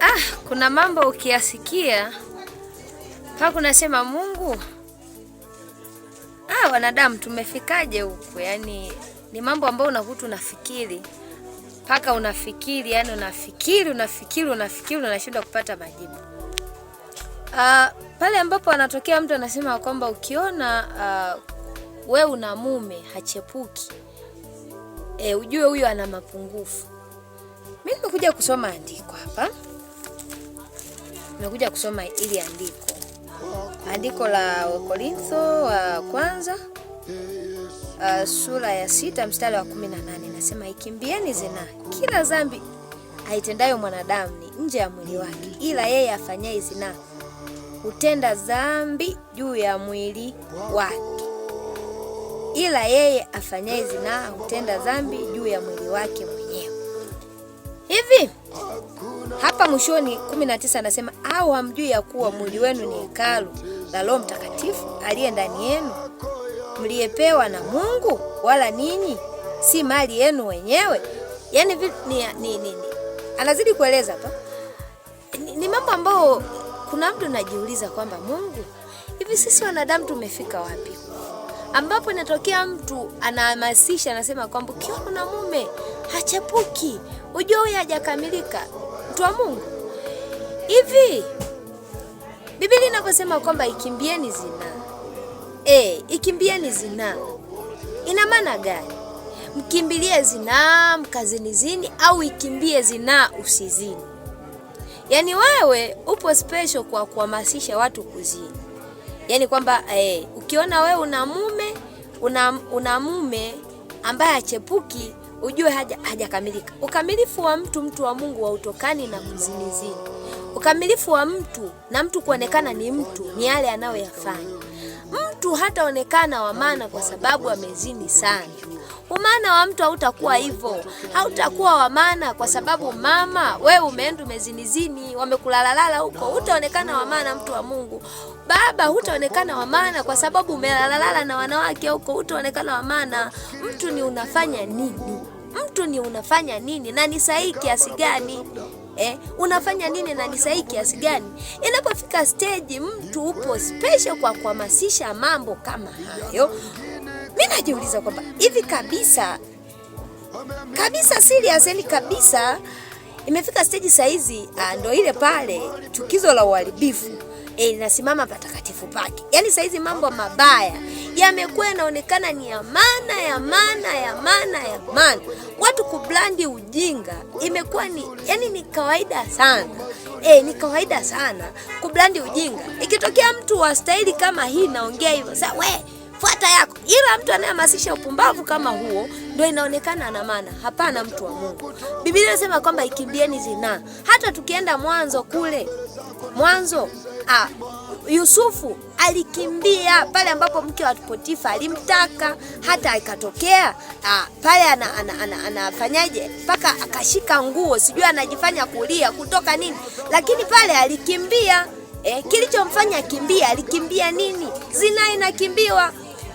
Ah, kuna mambo ukiyasikia mpaka unasema Mungu, ah, wanadamu tumefikaje huku? Yaani ni mambo ambayo unakuta unafikiri mpaka unafikiri, yani unafikiri unafikiri unafikiri unashindwa kupata majibu. Uh, pale ambapo anatokea mtu anasema kwamba ukiona uh, we una mume hachepuki e, ujue huyo ana mapungufu. Mimi nimekuja kusoma andiko hapa Nimekuja kusoma ili andiko andiko la Wakorintho wa kwanza uh, sura ya sita mstari wa kumi na nane nasema, ikimbieni zinaa. Kila dhambi aitendayo mwanadamu ni nje ya mwili wake, ila yeye afanyaye zinaa hutenda dhambi juu ya mwili wake, ila yeye afanyaye zinaa hutenda dhambi juu ya mwili wake mwenyewe. Hivi hapa mwishoni 19 anasema au hamjui ya kuwa mwili wenu ni hekalu la Roho Mtakatifu aliye ndani yenu mliyepewa na Mungu, wala ninyi si mali yenu wenyewe? yani ni, ni, ni, ni. Anazidi kueleza hapa ni, ni mambo ambayo kuna mtu najiuliza kwamba Mungu, hivi sisi wanadamu tumefika wapi, ambapo inatokea mtu anahamasisha, anasema kwamba ukiona kuna mume hachepuki, ujue huyo hajakamilika mtu wa Mungu. Hivi Biblia inavyosema kwamba ikimbieni zinaa, e, eh, ikimbieni zinaa ina maana gani? Mkimbilie zinaa mkazinizini, au ikimbie zinaa usizini? Yaani wewe upo special kwa kuhamasisha watu kuzini, yaani kwamba e, ukiona wewe una mume una, una mume ambaye achepuki, ujue hajakamilika. Haja ukamilifu wa mtu mtu wa Mungu hautokani na kuzinizini. Ukamilifu wa mtu na mtu kuonekana ni mtu ni yale anayoyafanya. Mtu hataonekana wa maana kwa sababu amezini sana. Umana wa mtu hautakuwa hivyo, hautakuwa wa maana kwa sababu mama, we umeenda umezinizini, wamekulalalala huko, hutaonekana wa maana mtu wa Mungu. Baba, hutaonekana wa maana kwa sababu umelalalala na wanawake huko, hutaonekana wa maana. Mtu ni unafanya nini? Mtu ni unafanya nini na ni sahihi kiasi gani? eh, unafanya nini na ni sahihi kiasi gani. Inapofika stage mtu upo special kwa kuhamasisha mambo kama hayo, mimi najiuliza kwamba hivi kabisa kabisa serious, yani kabisa imefika stage saizi, ah, ndo ile pale chukizo la uharibifu eh, linasimama patakatifu pake, yani saizi mambo mabaya yamekuwa yanaonekana ni ya maana ya maana ya maana ya maana. Watu kublandi ujinga imekuwa ni yani ni kawaida sana e, ni kawaida sana kublandi ujinga. Ikitokea mtu wa staili kama hii naongea hivyo sasa, we fuata yako, ila mtu anayehamasisha upumbavu kama huo ndio inaonekana ana maana. Hapana, mtu wa Mungu, Biblia inasema kwamba ikimbieni zinaa. Hata tukienda mwanzo kule mwanzo ah, Yusufu alikimbia pale ambapo mke wa Potifa alimtaka, hata ikatokea ah, pale anafanyaje, ana, ana, mpaka akashika nguo, sijui anajifanya kulia kutoka nini, lakini pale alikimbia. Eh, kilichomfanya kimbia alikimbia nini? Zinaa inakimbiwa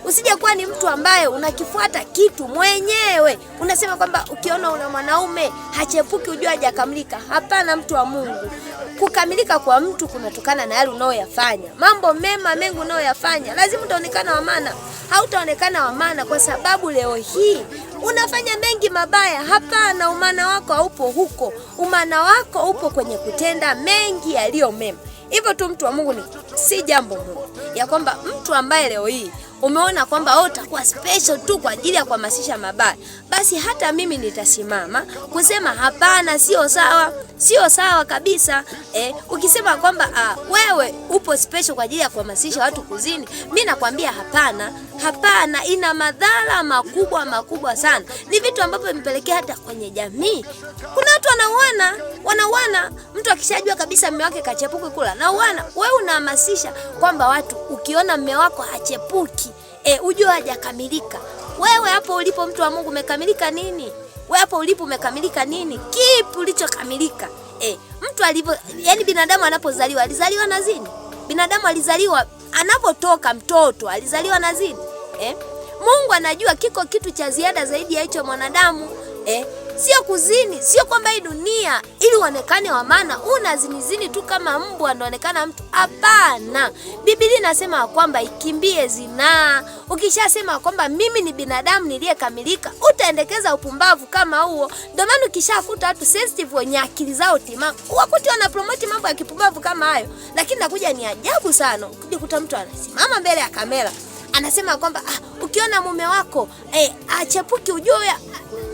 Usije kuwa ni mtu ambaye unakifuata kitu mwenyewe, unasema kwamba ukiona una mwanaume hachepuki, ujua hajakamilika. Hapana, mtu wa Mungu, kukamilika kwa mtu kunatokana na yale unayoyafanya. Mambo mema mengi unayoyafanya, lazima utaonekana wa maana. Hautaonekana wa maana kwa sababu leo hii unafanya mengi mabaya. Hapana, umana wako haupo huko, umana wako upo kwenye kutenda mengi yaliyo mema. Hivyo tu, mtu wa Mungu, ni si jambo moja ya kwamba mtu ambaye leo hii umeona kwamba wewe utakuwa special tu kwa ajili ya kuhamasisha mabaya, basi hata mimi nitasimama kusema hapana, sio sawa sio sawa kabisa eh. Ukisema kwamba uh, wewe upo special kwa ajili ya kuhamasisha watu kuzini, mi nakwambia hapana, hapana, ina madhara makubwa makubwa sana. Ni vitu ambavyo vimepelekea hata kwenye jamii, kuna watu wanauana, wanauana. Mtu akishajua kabisa mme wake kachepuki kula nauana, wewe unahamasisha kwamba watu, ukiona mme wako hachepuki eh, ujue hajakamilika. Wewe hapo ulipo mtu wa Mungu umekamilika nini? wewe hapo ulipo umekamilika nini? Kipi ulichokamilika? Eh, mtu alivyo, yani binadamu anapozaliwa alizaliwa na zini? Binadamu alizaliwa anapotoka mtoto alizaliwa na zini? Eh? Mungu anajua kiko kitu cha ziada zaidi ya hicho mwanadamu. Eh? sio kuzini, sio kwamba hii dunia ili uonekane wa maana unazinizini tu kama mbwa ndoonekana mtu. Hapana, Biblia inasema kwamba ikimbie zinaa. Ukishasema kwamba mimi ni binadamu niliyekamilika, utaendekeza upumbavu kama huo. Ndio maana ukishakuta watu sensitive wenye akili zao timamu, wakuti wana promote mambo ya kipumbavu kama hayo. Lakini nakuja ni ajabu sana ukikuta mtu anasimama mbele ya kamera anasema kwamba ah, ukiona mume wako eh, achepuki ujue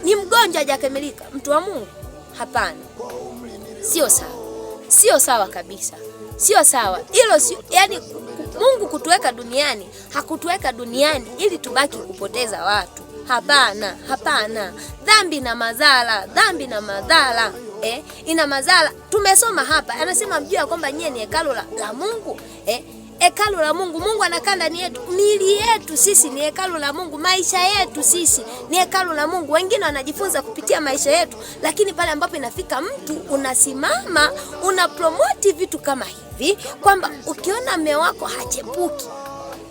ni mgonjwa hajakamilika, mtu wa Mungu? Hapana, sio sawa, sio sawa kabisa, sio sawa hilo. Sio yani, Mungu kutuweka duniani hakutuweka duniani ili tubaki kupoteza watu. Hapana, hapana. Dhambi na madhara, dhambi na madhara eh, ina madhara. Tumesoma hapa, anasema mjua ya kwamba nyie ni hekalo la, la Mungu eh hekalu la Mungu. Mungu anakaa ndani yetu. Mili yetu sisi ni hekalu la Mungu, maisha yetu sisi ni hekalu la Mungu. Wengine wanajifunza kupitia maisha yetu, lakini pale ambapo inafika mtu unasimama, unapromoti vitu kama hivi kwamba ukiona mme wako hachepuki,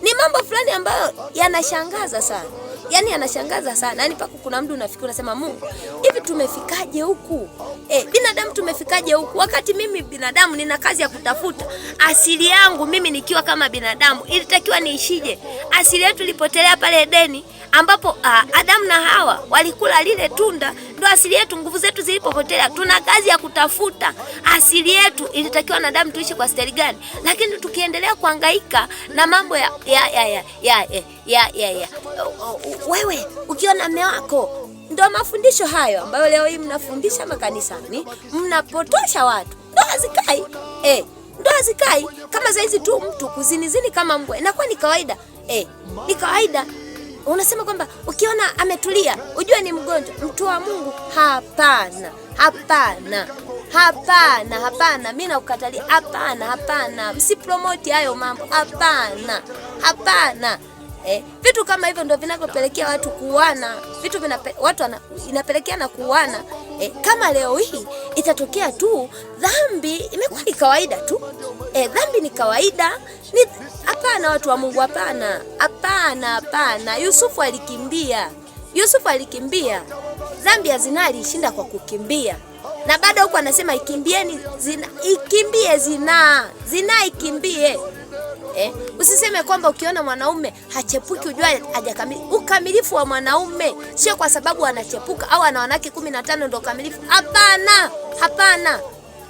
ni mambo fulani ambayo yanashangaza sana yani anashangaza sana. Yani paka kuna mtu unafikiri unasema Mungu, hivi tumefikaje huku? Eh, binadamu tumefikaje huku? Wakati mimi binadamu nina kazi ya kutafuta asili yangu, mimi nikiwa kama binadamu ilitakiwa niishije? Asili yetu ilipotelea pale Edeni ambapo uh, Adamu na Hawa walikula lile tunda, ndo asili yetu, nguvu zetu zilipopotelea. Tuna kazi ya kutafuta asili yetu, ilitakiwa na damu tuishi kwa staili gani? Lakini tukiendelea kuhangaika na mambo ya ya ya ya ya ya ya ya, wewe ukiona mme wako ndo mafundisho hayo ambayo leo hii mnafundisha makanisani, mnapotosha watu. ndo zikai eh, ndoa zikai kama saizi tu mtu kuzinizini kama mbwa inakuwa ni kawaida eh, ni kawaida unasema kwamba ukiona ametulia ujue ni mgonjwa. Mtu wa Mungu, hapana, hapana, hapana, hapana, mimi nakukatalia. Hapana, hapana, msipromoti hayo mambo. Hapana, hapana. Eh, vitu kama hivyo ndio vinavyopelekea watu kuuana, vitu vina, watu ana, inapelekea na kuuana eh, kama leo hii itatokea tu dhambi imekuwa ni kawaida tu eh, dhambi ni kawaida ni hapana, watu wa Mungu, hapana, hapana, hapana. Yusufu alikimbia, Yusufu alikimbia. Dhambi ya zinaa alishinda kwa kukimbia, na bado huko anasema ikimbieni zina, ikimbie zinaa, zinaa ikimbie eh? Usiseme kwamba ukiona mwanaume hachepuki ujua hajakamili. Ukamilifu wa mwanaume sio kwa sababu anachepuka au ana wanawake kumi na tano ndio kamilifu. Hapana, hapana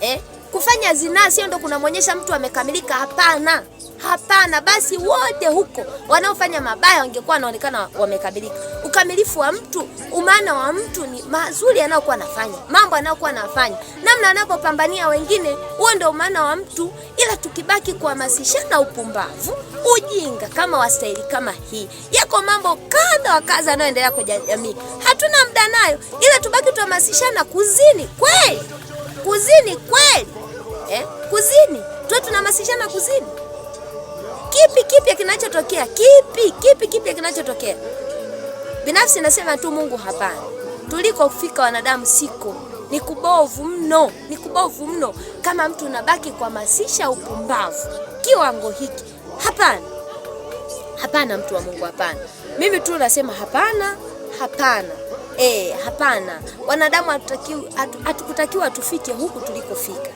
eh? Kufanya zinaa sio ndio kunamwonyesha mtu amekamilika. Hapana. Hapana, basi wote huko wanaofanya mabaya wangekuwa wanaonekana wamekabilika. Ukamilifu wa mtu, umaana wa mtu ni mazuri anayokuwa anafanya, mambo anayokuwa anafanya, namna anapopambania wengine, huo ndio umaana wa mtu. Ila tukibaki kuhamasishana upumbavu, ujinga kama wastahili kama hii, yako mambo kadha wa kadha yanayoendelea kwa jamii, hatuna muda nayo, ila tubaki tuhamasishana kuzini kweli, kuzini kweli, eh, kuzini tuwe tunahamasishana kuzini kipi kipya kinachotokea? Kipi kipi kipya kinachotokea? Binafsi nasema tu Mungu, hapana. Tulikofika wanadamu siko, ni kubovu mno, ni kubovu mno. Kama mtu unabaki kuhamasisha upumbavu kiwango hiki, hapana, hapana, mtu wa Mungu, hapana. Mimi tu nasema hapana, hapana. E, hapana, wanadamu hatukutakiwa tufike huku tulikofika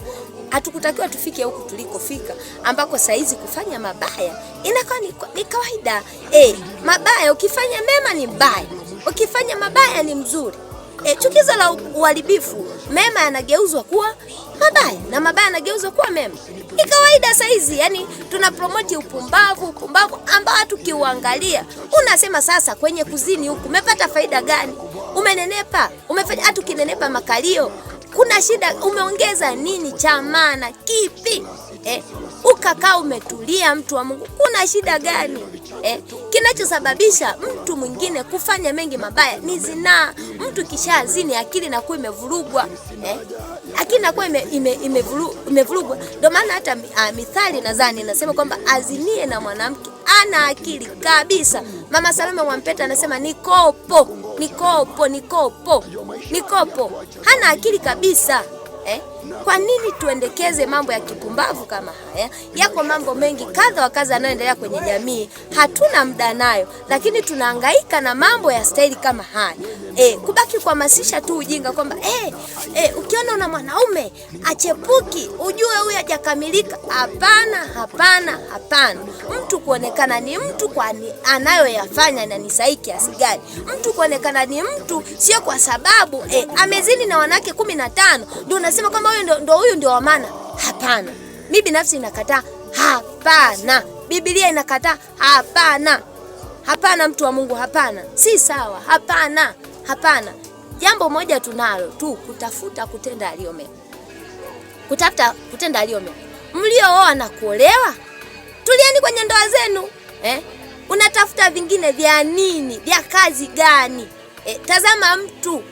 hatukutakiwa tufike huku tulikofika, ambako saizi kufanya mabaya inakuwa ni kawaida. E, mabaya ukifanya mema ni mbaya, ukifanya mabaya ni mzuri. E, chukizo la uharibifu, mema yanageuzwa kuwa mabaya na mabaya yanageuzwa kuwa mema. Ni kawaida saizi, yani tuna promoti upumbavu, upumbavu ambao hatukiuangalia. Unasema sasa, kwenye kuzini huku umepata faida gani? Umenenepa? Umefanya hatu kinenepa makalio kuna shida? Umeongeza nini cha maana kipi? Eh, ukakaa umetulia, mtu wa Mungu, kuna shida gani? Eh, kinachosababisha mtu mwingine kufanya mengi mabaya ni zinaa. Mtu kishazini akili inakuwa imevurugwa, eh, akili inakuwa imevurugwa. Ndio maana hata ah, Mithali nadhani nasema kwamba azinie na mwanamke ana akili kabisa. Mama Salome Mwampeta anasema nikopo Nikopo, Nikopo, Nikopo hana akili kabisa eh? Kwa nini tuendekeze mambo ya kipumbavu kama haya? Yako mambo mengi kadha wa kadha yanayoendelea kwenye jamii, hatuna muda nayo, lakini tunahangaika na mambo ya staili kama haya e, kubaki kuhamasisha tu ujinga kwamba e, e, ukiona una mwanaume achepuki ujue huyu hajakamilika. Hapana, hapana, hapana. Mtu kuonekana ni mtu kwa anayoyafanya na ni sahihi kiasi gani. Mtu kuonekana ni mtu sio kwa sababu e, amezini na wanawake kumi na tano ndio unasema kwamba huyu ndo huyu ndio wamana Hapana, mi binafsi inakataa Hapana, Biblia inakataa. Hapana, hapana, mtu wa Mungu, hapana, si sawa. Hapana, hapana. Jambo moja tunalo tu, kutafuta kutenda mema, kutafuta kutenda mema. Mliooa na kuolewa, tulieni kwenye ndoa zenu eh? Unatafuta vingine vya nini? Vya kazi gani? Eh, tazama mtu